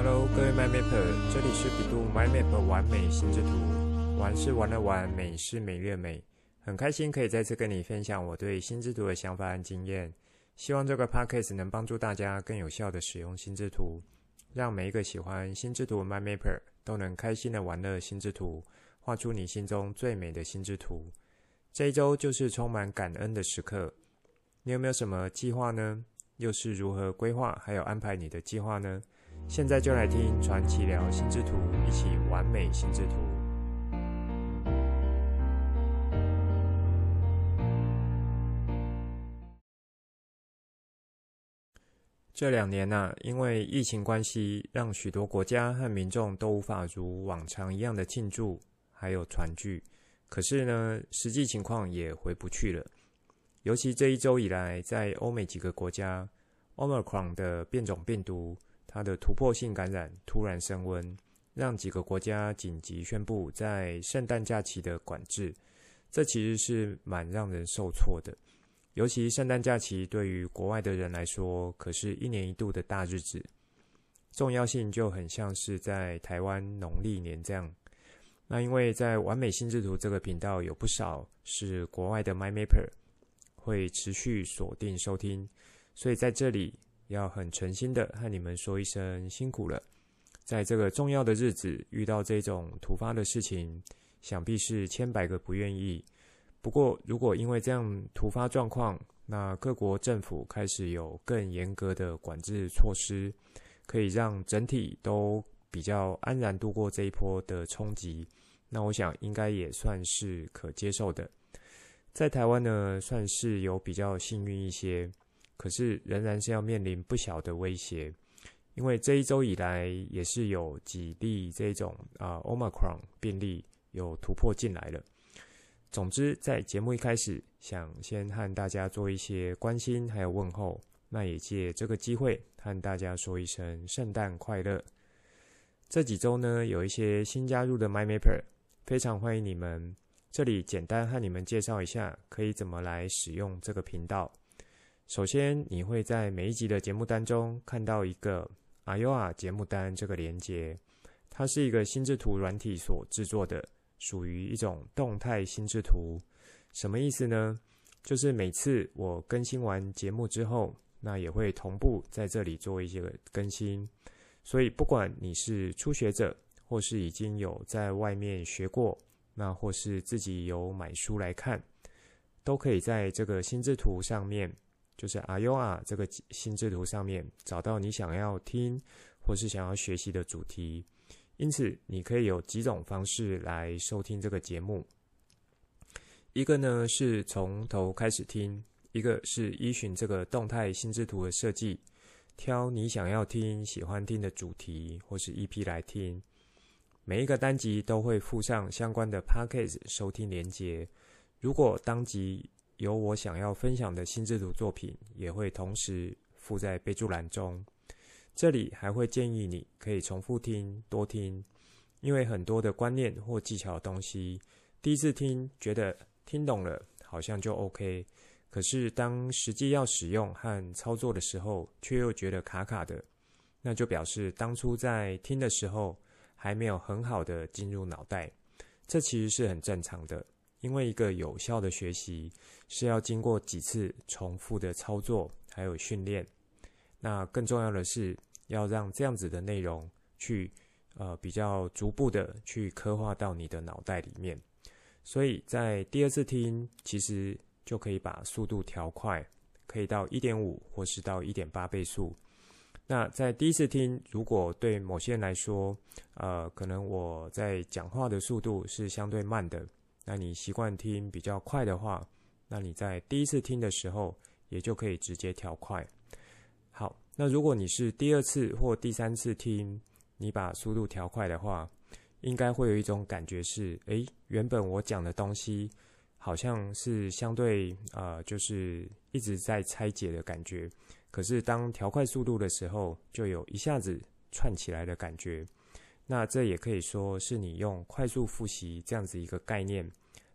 Hello，各位 MyMapper，這裡是 bEDU MyMapper 玩美心智圖。玩是玩的玩，美是美的美。很開心可以再次跟你分享我對心智圖的想法和經驗。希望這個 podcast 能幫助大家更有效地使用心智圖，讓每一個喜歡心智圖的 MyMapper 都能開心的玩樂心智圖，畫出你心中最美的心智圖。這一周就是充滿感恩的時刻。你有沒有什麼計劃呢？又是如何規劃還有安排你的計劃呢？現在就來聽傳奇聊心智圖，一起玩美心智圖。這兩年呢、啊，因為疫情關係，讓許多國家和民眾都無法如往常一樣的慶祝還有團聚。可是呢，實際情況也回不去了。尤其這一周以來，在歐美幾個國家，Omicron 的變種病毒。它的突破性感染突然升溫，讓幾個國家緊急宣布在聖誕假期的管制。這其實是蠻讓人受挫的，尤其聖誕假期對於國外的人來說，可是一年一度的大日子，重要性就很像是在台灣農曆年這樣。那因為在玩美心智圖這個頻道有不少是國外的 MyMapper 會持續鎖定收聽，所以在這裡。要很誠心的和你們說一聲辛苦了，在這個重要的日子遇到這種突發的事情，想必是千百個不願意。不過，如果因為這樣突發狀況，那各國政府開始有更嚴格的管制措施，可以讓整體都比較安然度過這一波的衝擊，那我想應該也算是可接受的。在台灣呢，算是有比較幸運一些。可是仍然是要面臨不小的威脅，因為這一週以來也是有幾例這種啊 Omicron 病例有突破進來了。總之，在節目一開始，想先和大家做一些關心還有問候，那也借這個機會和大家說一聲聖誕快樂。這幾週呢，有一些新加入的 My Mapper，非常歡迎你們。這裡簡單和你們介紹一下，可以怎麼來使用這個頻道。首先，你會在每一集的節目單中看到一個 AYOA 節目單這個連接，它是一個心智圖軟體所製作的，屬於一種動態心智圖。什麼意思呢？就是每次我更新完節目之後，那也會同步在這裡做一些更新。所以，不管你是初學者，或是已經有在外面學過，那或是自己有買書來看，都可以在這個心智圖上面。就是 AYOA 這個心智圖上面找到你想要聽或是想要學習的主題，因此你可以有幾種方式來收聽這個節目。一個呢是從頭開始聽，一個是依循這個動態心智圖的設計，挑你想要聽、喜歡聽的主題或是 EP 來聽。每一個單集都會附上相關的 Podcast 收聽連結。如果當集有我想要分享的心智圖作品，也會同時附在備註欄中。這裡還會建議你可以重複聽、多聽，因為很多的觀念或技巧的東西，第一次聽覺得聽懂了，好像就 OK，可是當實際要使用和操作的時候，卻又覺得卡卡的，那就表示當初在聽的時候還沒有很好的進入腦袋，這其實是很正常的。因為一個有效的學習是要經過幾次重複的操作，還有訓練。那更重要的是要讓這樣子的內容去，呃，比較逐步的去刻畫到你的腦袋裡面。所以在第二次聽，其實就可以把速度調快，可以到1.5或是到1.8倍速。那在第一次聽，如果對某些人來說，呃，可能我在講話的速度是相對慢的。那你習慣聽比較快的話，那你在第一次聽的時候也就可以直接調快。好，那如果你是第二次或第三次聽，你把速度調快的話，應該會有一種感覺是，誒，原本我講的東西好像是相對啊，就是一直在拆解的感覺。可是當調快速度的時候，就有一下子串起來的感覺。那這也可以說是你用快速複習這樣子一個概念。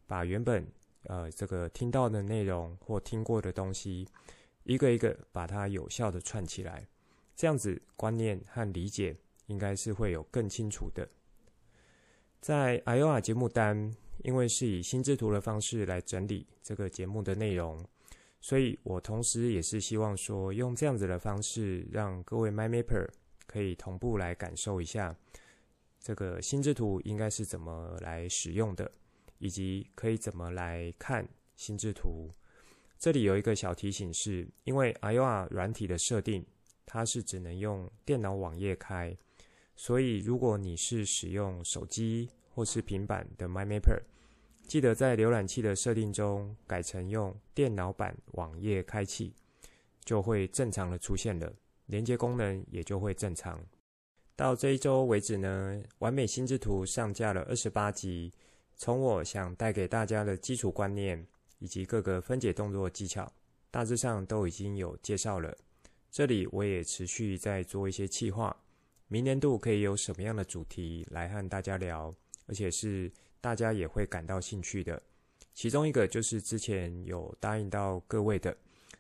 把原本呃這個聽到的內容或聽過的東西，一個一個把它有效地串起來，這樣子觀念和理解應該是會有更清楚的。在 AYOA 節目單，因為是以心智圖的方式來整理這個節目的內容，所以我同時也是希望說用這樣子的方式，讓各位 My Mapper 可以同步來感受一下這個心智圖應該是怎麼來使用的。以及可以怎麼來看心智圖？這裡有一個小提醒：是，因為 AYOA 軟體的設定，它是只能用電腦網頁開，所以如果你是使用手機或是平板的 MyMapper，記得在瀏覽器的設定中改成用電腦版網頁開啟，就會正常的出現了，連接功能也就會正常。到這一周為止呢，玩美心智圖上架了二十八集。從我想帶給大家的基礎觀念，以及各個分解動作技巧，大致上都已經有介紹了。這裡我也持續在做一些企劃，明年度可以有什麼樣的主題來和大家聊，而且是大家也會感到興趣的。其中一個就是之前有答應到各位的，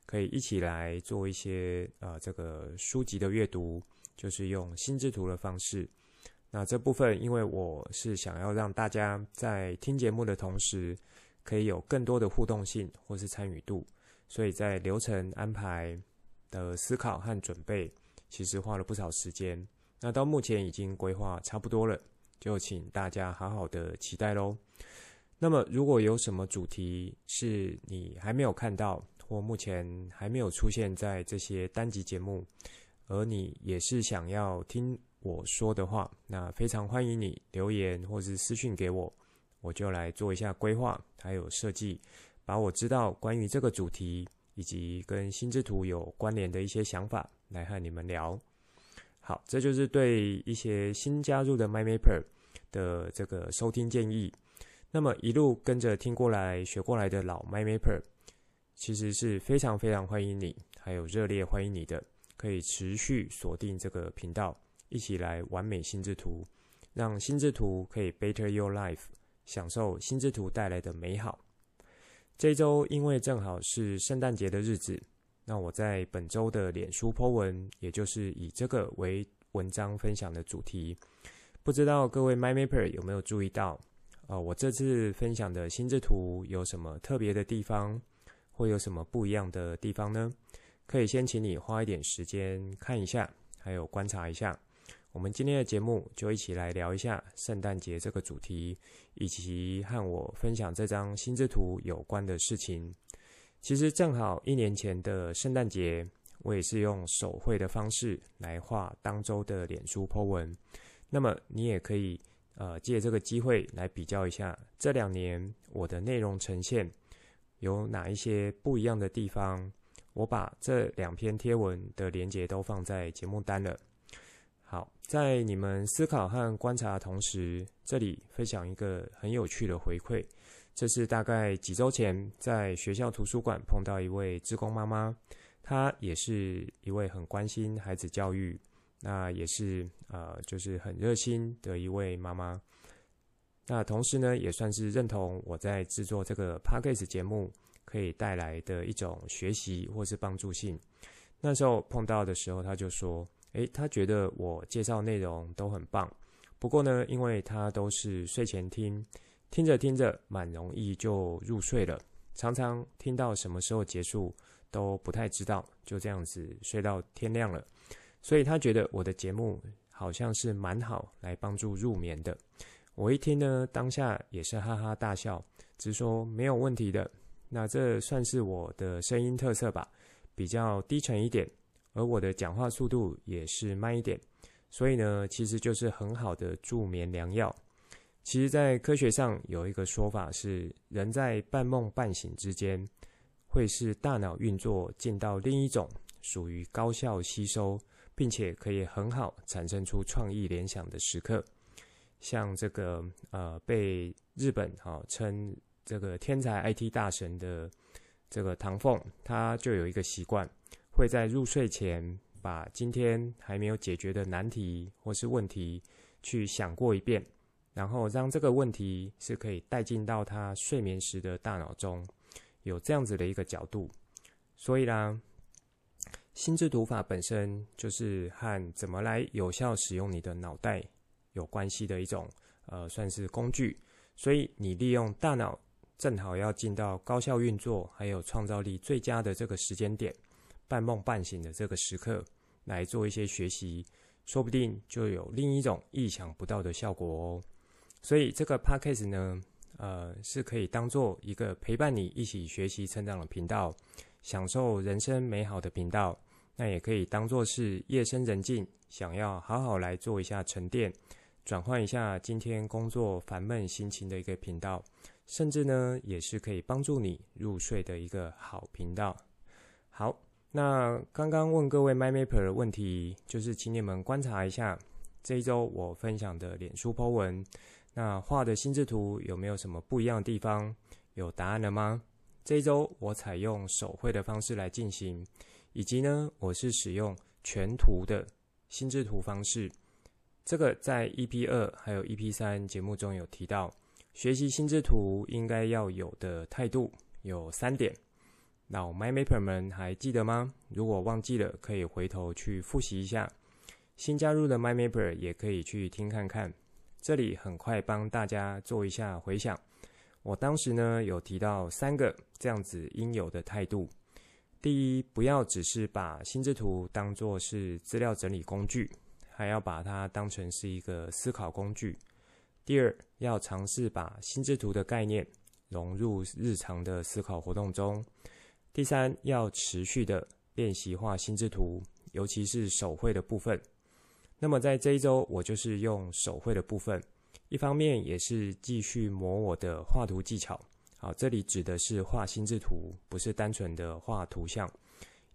可以一起來做一些呃，這個書籍的閱讀，就是用心智圖的方式。那這部分，因為我是想要讓大家在聽節目的同時，可以有更多的互動性或是參與度，所以在流程安排的思考和準備，其實花了不少時間。那到目前已經規劃差不多了，就請大家好好的期待嘍。那麼，如果有什麼主題是你還沒有看到，或目前還沒有出現在這些單集節目，而你也是想要聽。我說的話，那非常歡迎你留言或是私訊給我，我就來做一下規劃，還有設計，把我知道關於這個主題以及跟心智圖有關聯的一些想法來和你們聊。好，這就是對一些新加入的 My Mapper 的這個收聽建議。那麼一路跟着聽過來、學過來的老 My Mapper，其實是非常非常歡迎你，還有熱烈歡迎你的，可以持續鎖定這個頻道。一起來完美心智圖，讓心智圖可以 better your life，享受心智圖帶來的美好。這周因為正好是聖誕節的日子，那我在本周的臉書 Po 文，也就是以這個為文章分享的主題。不知道各位 My Mapper 有沒有注意到？呃，我這次分享的心智圖有什麼特別的地方，會有什麼不一樣的地方呢？可以先請你花一點時間看一下，還有觀察一下。我們今天的節目就一起來聊一下聖誕節這個主題，以及和我分享這張心智圖有關的事情。其實正好一年前的聖誕節，我也是用手繪的方式來畫當周的臉書 po 文。那麼你也可以呃借這個機會來比較一下這兩年我的內容呈現有哪一些不一樣的地方。我把這兩篇貼文的鏈接都放在節目單了。好，在你們思考和觀察的同時，這裡分享一個很有趣的回饋。這是大概幾周前在學校圖書館碰到一位志工媽媽，她也是一位很關心孩子教育，那也是呃，就是很熱心的一位媽媽。那同時呢，也算是認同我在製作這個 Podcast 節目可以帶來的一種學習或是幫助性。那時候碰到的時候，她就說。誒，他覺得我介紹內容都很棒，不過呢，因為他都是睡前聽，聽着聽着蠻容易就入睡了，常常聽到什麼時候結束都不太知道，就這樣子睡到天亮了。所以他覺得我的節目好像是蠻好來幫助入眠的。我一聽呢，當下也是哈哈大笑，直說沒有問題的。那這算是我的聲音特色吧，比較低沉一點。而我的講話速度也是慢一點，所以呢，其實就是很好的助眠良藥。其實，在科學上有一個說法是，人在半夢半醒之間，會是大腦運作進到另一種屬於高效吸收，並且可以很好產生出創意聯想的時刻。像這個呃，被日本號、哦、稱這個天才 IT 大神的這個唐鳳，他就有一個習慣。會在入睡前把今天還沒有解決的難題或是問題去想過一遍，然後讓這個問題是可以帶進到他睡眠時的大腦中，有這樣子的一個角度。所以呢，心智圖法本身就是和怎麼來有效使用你的腦袋有關係的一種，呃，算是工具。所以你利用大腦正好要進到高效運作還有創造力最佳的這個時間點。半夢半醒的這個時刻來做一些學習，說不定就有另一種意想不到的效果哦。所以這個 podcast 呢，呃，是可以當做一個陪伴你一起學習成長的頻道，享受人生美好的頻道。那也可以當做是夜深人靜想要好好來做一下沉澱，轉換一下今天工作煩悶心情的一個頻道，甚至呢，也是可以幫助你入睡的一個好頻道。好。那剛剛問各位 MyMapper 的問題，就是請你們觀察一下這一周我分享的臉書 po 文，那畫的心智圖有沒有什麼不一樣的地方？有答案了嗎？這一周我採用手繪的方式來進行，以及呢，我是使用全圖的心智圖方式。這個在 EP 二還有 EP 三節目中有提到，學習心智圖應該要有的態度有三點。老 MyMapper 們還記得嗎？如果忘記了，可以回頭去復習一下。新加入的 MyMapper 也可以去聽看看。這裡很快幫大家做一下回想。我當時呢，有提到三個這樣子應有的態度：第一，不要只是把心智圖當作是資料整理工具，還要把它當成是一個思考工具；第二，要嘗試把心智圖的概念融入日常的思考活動中。第三，要持續的練習畫心智圖，尤其是手繪的部分。那麼，在這一周，我就是用手繪的部分，一方面也是繼續磨我的畫圖技巧。好，這裡指的是畫心智圖，不是單純的畫圖像。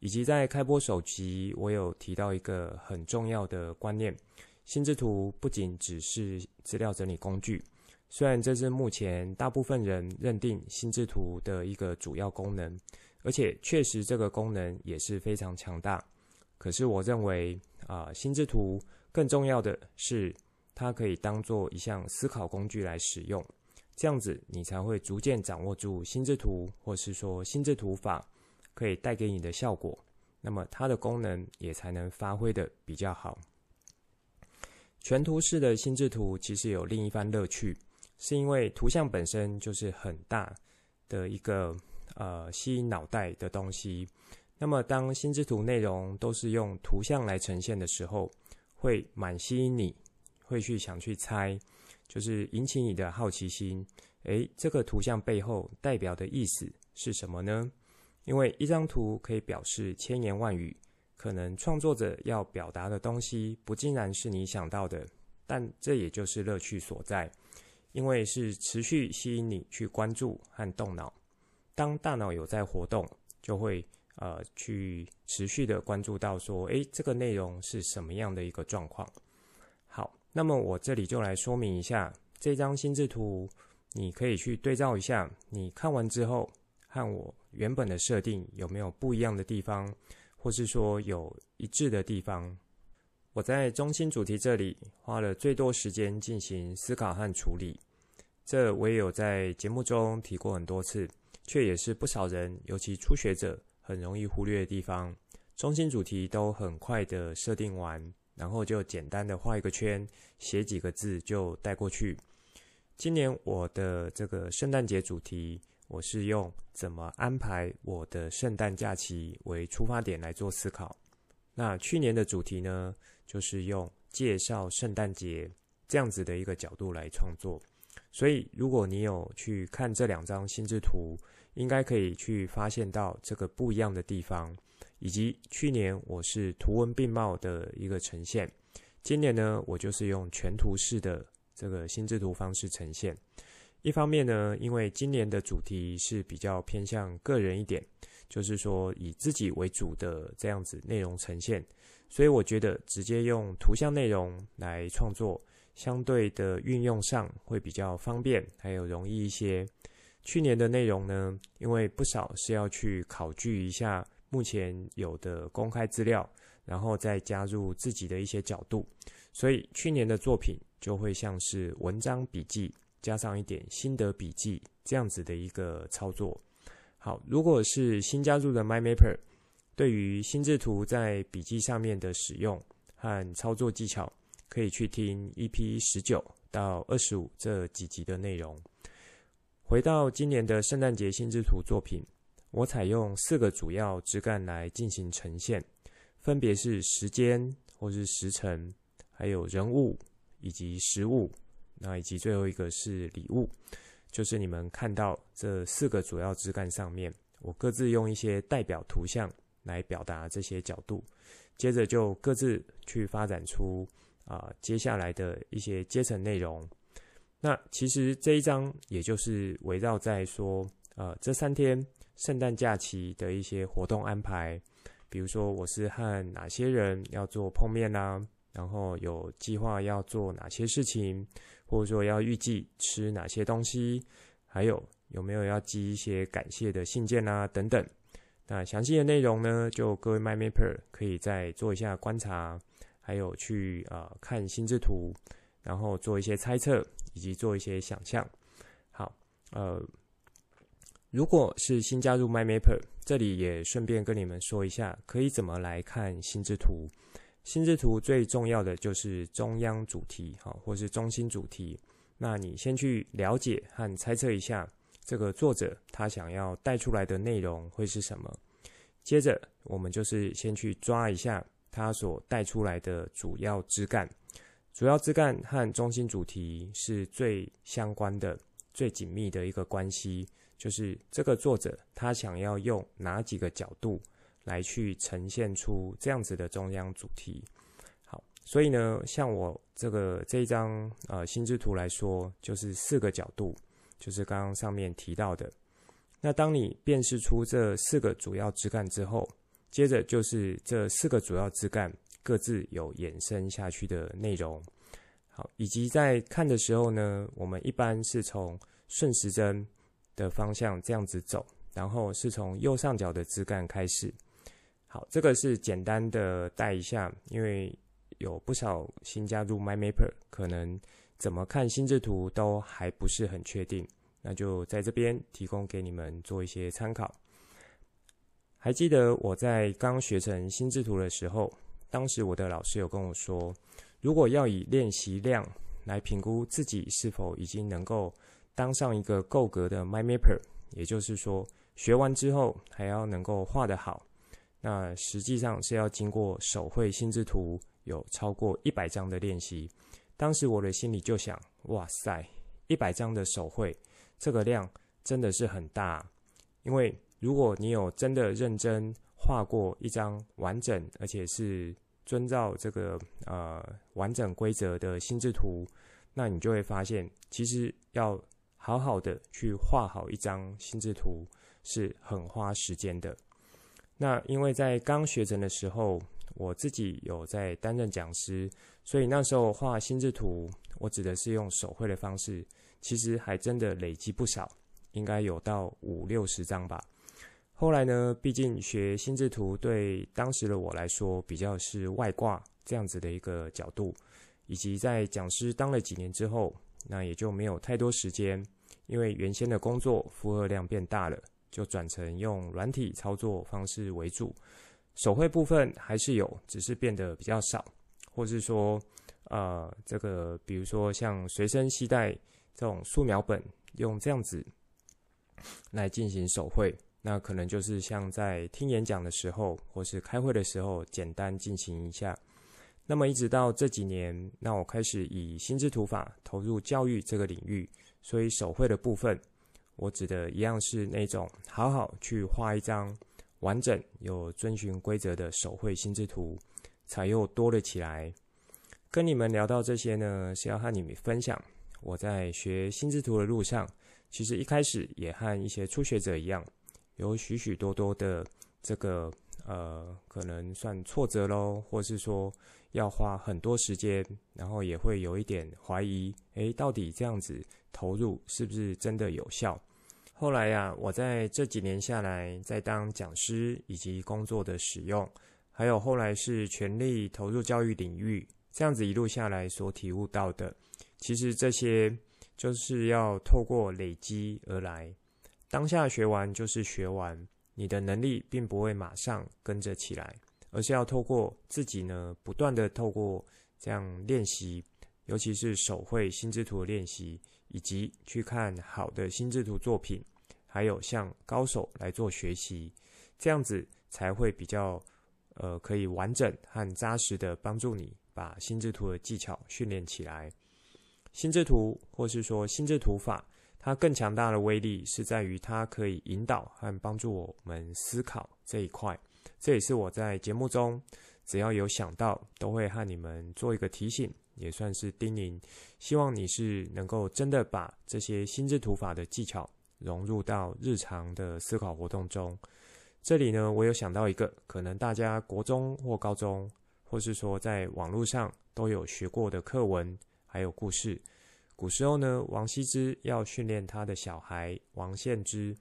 以及在開播首集，我有提到一個很重要的觀念：心智圖不僅只是資料整理工具，雖然這是目前大部分人認定心智圖的一個主要功能。而且確實，這個功能也是非常強大。可是，我認為啊，心智圖更重要的是，它可以當做一項思考工具來使用。這樣子，你才會逐漸掌握住心智圖，或是說心智圖法可以帶給你的效果。那麼，它的功能也才能發揮的比較好。全圖式的心智圖其實有另一番樂趣，是因為圖像本身就是很大的一個。呃，吸引腦袋的東西。那麼，當心智圖內容都是用圖像來呈現的時候，會蠻吸引你，會去想去猜，就是引起你的好奇心。誒，這個圖像背後代表的意思是什麼呢？因為一張圖可以表示千言萬語，可能創作者要表達的東西不盡然是你想到的，但這也就是樂趣所在，因為是持續吸引你去關注和動腦。當大腦有在活動，就會呃去持續的關注到說，誒，這個內容是什麼樣的一個狀況？好，那麼我這裡就來說明一下這張心智圖，你可以去對照一下，你看完之後和我原本的設定有沒有不一樣的地方，或是說有一致的地方。我在中心主題這裡花了最多時間進行思考和處理，這我也有在節目中提過很多次。卻也是不少人，尤其初學者很容易忽略的地方。中心主題都很快的設定完，然後就簡單的畫一個圈，寫幾個字就帶過去。今年我的這個聖誕節主題，我是用怎麼安排我的聖誕假期為出發點來做思考。那去年的主題呢，就是用介紹聖誕節這樣子的一個角度來創作。所以如果你有去看這兩張心智圖，應該可以去發現到這個不一樣的地方，以及去年我是圖文並茂的一個呈現，今年呢，我就是用全圖式的這個心智圖方式呈現。一方面呢，因為今年的主題是比較偏向個人一點，就是說以自己為主的這樣子內容呈現，所以我覺得直接用圖像內容來創作，相對的運用上會比較方便，還有容易一些。去年的內容呢，因為不少是要去考據一下目前有的公開資料，然後再加入自己的一些角度，所以去年的作品就會像是文章筆記加上一點心得筆記這樣子的一個操作。好，如果是新加入的 MyMapper，對於心智圖在筆記上面的使用和操作技巧，可以去聽 EP 十九到二十五這幾集的內容。回到今年的聖誕節心智圖作品，我採用四個主要枝幹來進行呈現，分別是時間或是時辰，還有人物以及食物，那、啊、以及最後一個是禮物，就是你們看到這四個主要枝幹上面，我各自用一些代表圖像來表達這些角度，接着就各自去發展出啊接下來的一些階層內容。那其實這一張，也就是圍繞在說，呃，這三天聖誕假期的一些活動安排，比如說我是和哪些人要做碰面啊，然後有計劃要做哪些事情，或者說要預計吃哪些東西，還有有沒有要寄一些感謝的信件啊等等。那詳細的內容呢，就各位 My Mapper 可以再做一下觀察，還有去啊、呃、看心智圖，然後做一些猜測。以及做一些想象。好，呃，如果是新加入 MyMapper，這裡也順便跟你們說一下，可以怎麼來看心智圖。心智圖最重要的就是中央主題，哈，或是中心主題。那你先去了解和猜測一下，這個作者他想要帶出來的內容會是什麼？接着，我們就是先去抓一下他所帶出來的主要枝幹。主要枝幹和中心主題是最相關的、最緊密的一個關係，就是這個作者他想要用哪幾個角度來去呈現出這樣子的中央主題。好，所以呢，像我這個這一張呃心智圖來說，就是四個角度，就是剛剛上面提到的。那當你辨識出這四個主要枝幹之後，接着就是這四個主要枝幹。各自有延伸下去的內容，好，以及在看的時候呢，我們一般是從順時針的方向這樣子走，然後是從右上角的枝幹開始。好，這個是簡單的帶一下，因為有不少新加入 MyMapper，可能怎麼看心智圖都還不是很確定，那就在這邊提供給你們做一些參考。還記得我在剛學成心智圖的時候，當時我的老師有跟我說，如果要以練習量來評估自己是否已經能夠當上一個夠格的 My Mapper，也就是說學完之後還要能夠畫得好，那實際上是要經過手繪心智圖有超過一百張的練習。當時我的心裡就想：哇塞，一百張的手繪，這個量真的是很大。因為如果你有真的認真。畫過一張完整，而且是遵照這個呃完整規則的心智圖，那你就會發現，其實要好好的去畫好一張心智圖是很花時間的。那因為在剛學成的時候，我自己有在擔任講師，所以那時候畫心智圖，我指的是用手繪的方式，其實還真的累積不少，應該有到五六十張吧。後來呢，畢竟學心智圖對當時的我來說比較是外掛這樣子的一個角度，以及在講師當了幾年之後，那也就沒有太多時間，因為原先的工作負荷量變大了，就轉成用軟體操作方式為主，手繪部分還是有，只是變得比較少，或是說，呃，這個比如說像隨身攜帶這種素描本，用這樣子來進行手繪。那可能就是像在聽演講的時候，或是開會的時候，簡單進行一下。那麼一直到這幾年，那我開始以心智圖法投入教育這個領域，所以手繪的部分，我指的一樣是那種好好去畫一張完整、有遵循規則的手繪心智圖，才又多了起來。跟你們聊到這些呢，是要和你們分享我在學心智圖的路上，其實一開始也和一些初學者一樣。有許許多多的這個呃，可能算挫折咯，或是說要花很多時間，然後也會有一點懷疑，誒，到底這樣子投入是不是真的有效？後來呀、啊，我在這幾年下來，在當講師以及工作的使用，還有後來是全力投入教育領域，這樣子一路下來所體悟到的，其實這些就是要透過累積而來。當下學完就是學完，你的能力並不會馬上跟着起來，而是要透過自己呢，不斷的透過這樣練習，尤其是手繪心智圖的練習，以及去看好的心智圖作品，還有向高手來做學習，這樣子才會比較呃，可以完整和扎實的幫助你把心智圖的技巧訓練起來，心智圖或是說心智圖法，它更強大的威力是在於，它可以引導和幫助我們思考這一塊。這也是我在節目中，只要有想到，都會和你們做一個提醒，也算是叮嚀。希望你是能夠真的把這些心智圖法的技巧融入到日常的思考活動中。這裡呢，我有想到一個，可能大家國中或高中，或是說在網絡上都有學過的課文，還有故事。古時候呢，王羲之要訓練他的小孩王獻之，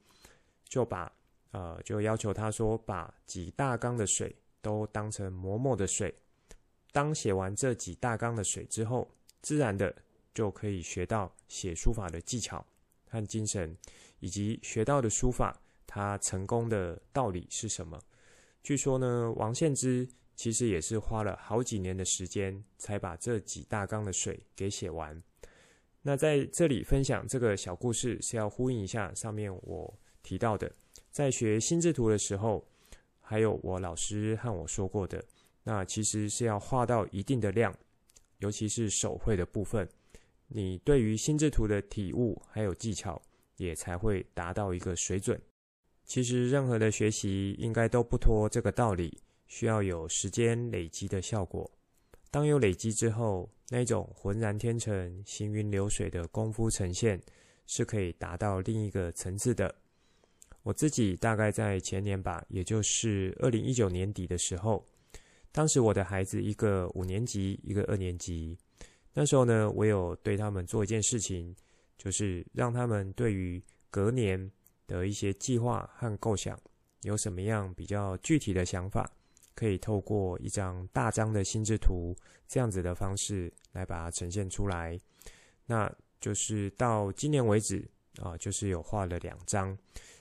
就把呃，就要求他說，把幾大缸的水都當成磨墨的水。當寫完這幾大缸的水之後，自然的就可以學到寫書法的技巧和精神，以及學到的書法他成功的道理是什麼？據說呢，王獻之其實也是花了好幾年的時間，才把這幾大缸的水給寫完。那在這裡分享這個小故事，是要呼應一下上面我提到的，在學心智圖的時候，還有我老師和我說過的，那其實是要畫到一定的量，尤其是手繪的部分，你對於心智圖的體悟還有技巧，也才會達到一個水準。其實任何的學習應該都不脫這個道理，需要有時間累積的效果。當有累積之後，那一種渾然天成、行雲流水的功夫呈現，是可以達到另一個層次的。我自己大概在前年吧，也就是二零一九年底的時候，當時我的孩子一個五年級，一個二年級，那時候呢，我有對他們做一件事情，就是讓他們對於隔年的一些計劃和構想，有什麼樣比較具體的想法。可以透過一張大張的心智圖這樣子的方式來把它呈現出來，那就是到今年為止啊，就是有畫了兩張。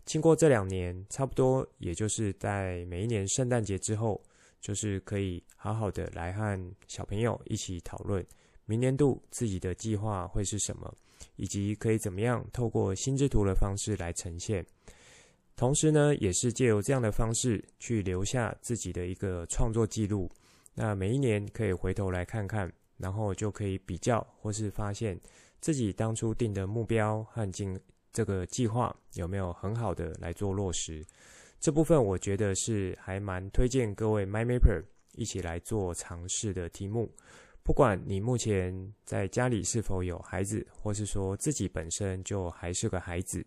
經過這兩年，差不多也就是在每一年聖誕節之後，就是可以好好的來和小朋友一起討論明年度自己的計劃會是什麼，以及可以怎麼樣透過心智圖的方式來呈現。同時呢，也是借由這樣的方式去留下自己的一個創作記錄。那每一年可以回頭來看看，然後就可以比較或是發現自己當初定的目標和進這個計劃有沒有很好的來做落實。這部分我覺得是還蠻推薦各位 MyMapper 一起來做嘗試的題目。不管你目前在家裡是否有孩子，或是說自己本身就還是個孩子。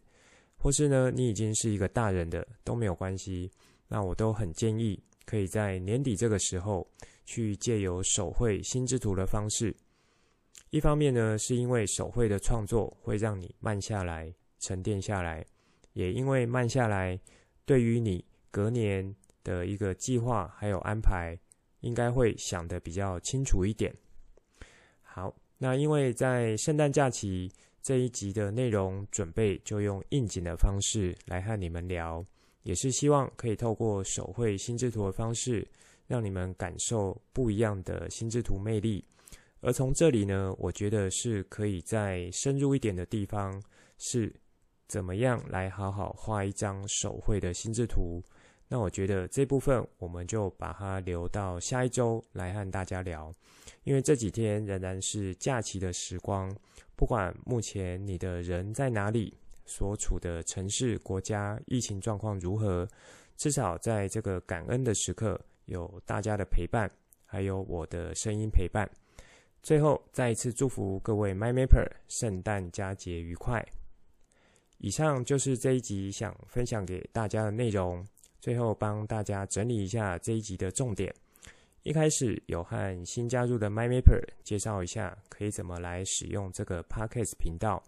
或是呢，你已經是一個大人的都沒有關係，那我都很建議可以在年底這個時候去借由手繪心智圖的方式。一方面呢，是因為手繪的創作會讓你慢下來、沉澱下來，也因為慢下來，對於你隔年的一個計劃還有安排，應該會想得比較清楚一點。好，那因為在聖誕假期。這一集的內容準備就用應景的方式來和你們聊，也是希望可以透過手繪心智圖的方式，讓你們感受不一樣的心智圖魅力。而從這裡呢，我覺得是可以再深入一點的地方是怎麼樣來好好畫一張手繪的心智圖。那我覺得這部分我們就把它留到下一周來和大家聊，因為這幾天仍然是假期的時光。不管目前你的人在哪裡，所處的城市、國家疫情狀況如何，至少在這個感恩的時刻，有大家的陪伴，還有我的聲音陪伴。最後，再一次祝福各位 MyMapper 聖誕佳節愉快！以上就是這一集想分享給大家的內容。最後幫大家整理一下這一集的重點。一開始有和新加入的 MyMapper 介紹一下，可以怎麼來使用這個 Podcast 頻道。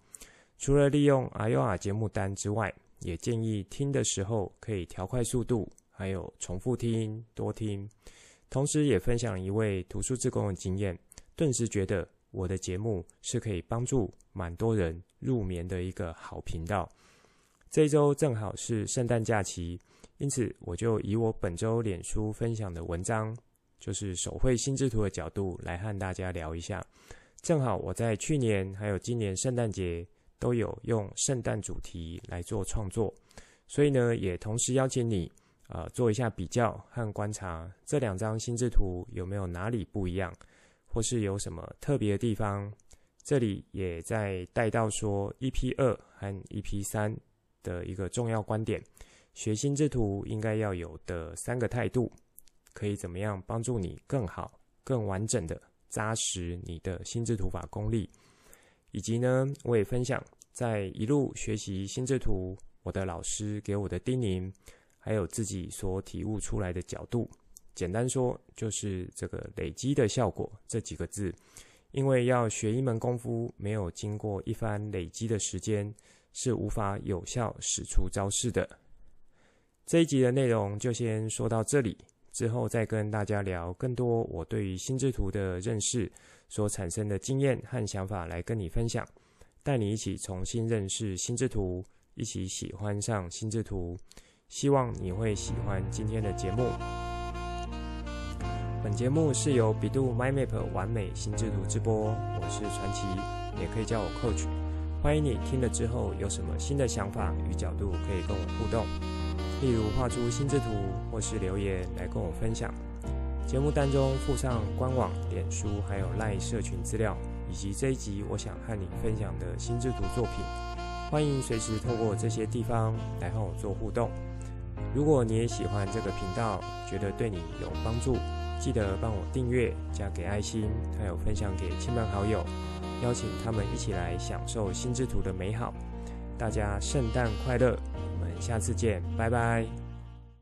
除了利用 AYOA 節目單之外，也建議聽的時候可以調快速度，還有重複聽、多聽。同時，也分享一位圖書志工的經驗，頓時覺得我的節目是可以幫助蠻多人入眠的一個好頻道。這一周正好是聖誕假期，因此我就以我本周臉書分享的文章，就是手繪心智圖的角度來和大家聊一下。正好我在去年還有今年聖誕節都有用聖誕主題來做創作，所以呢也同時邀請你啊、呃、做一下比較和觀察這兩張心智圖有沒有哪裡不一樣，或是有什麼特別的地方。這裡也在帶到說 EP 二和 EP 三的一個重要觀點：學心智圖應該要有的三個態度。可以怎麼樣幫助你更好、更完整的扎實你的心智圖法功力？以及呢，我也分享在一路學習心智圖，我的老師給我的叮嚀，還有自己所體悟出來的角度。簡單說，就是這個“累積的效果”這幾個字。因為要學一門功夫，沒有經過一番累積的時間，是無法有效使出招式的。這一集的內容就先說到這裡。之後再跟大家聊更多我對於心智圖的認識所產生的經驗和想法，來跟你分享，帶你一起重新認識心智圖，一起喜歡上心智圖。希望你會喜歡今天的節目。本節目是由 bEDU MyMap 玩美心智圖直播，我是傳奇，也可以叫我 Coach。歡迎你聽了之後有什麼新的想法與角度可以跟我互動。例如畫出心智圖，或是留言來跟我分享。節目單中附上官網、臉書，還有 LINE 社群資料，以及這一集我想和你分享的心智圖作品。歡迎隨時透過這些地方來和我做互動。如果你也喜歡這個頻道，覺得對你有幫助，記得幫我訂閱、加給愛心，還有分享給親朋好友，邀請他們一起來享受心智圖的美好。大家聖誕快樂！下次見，拜拜。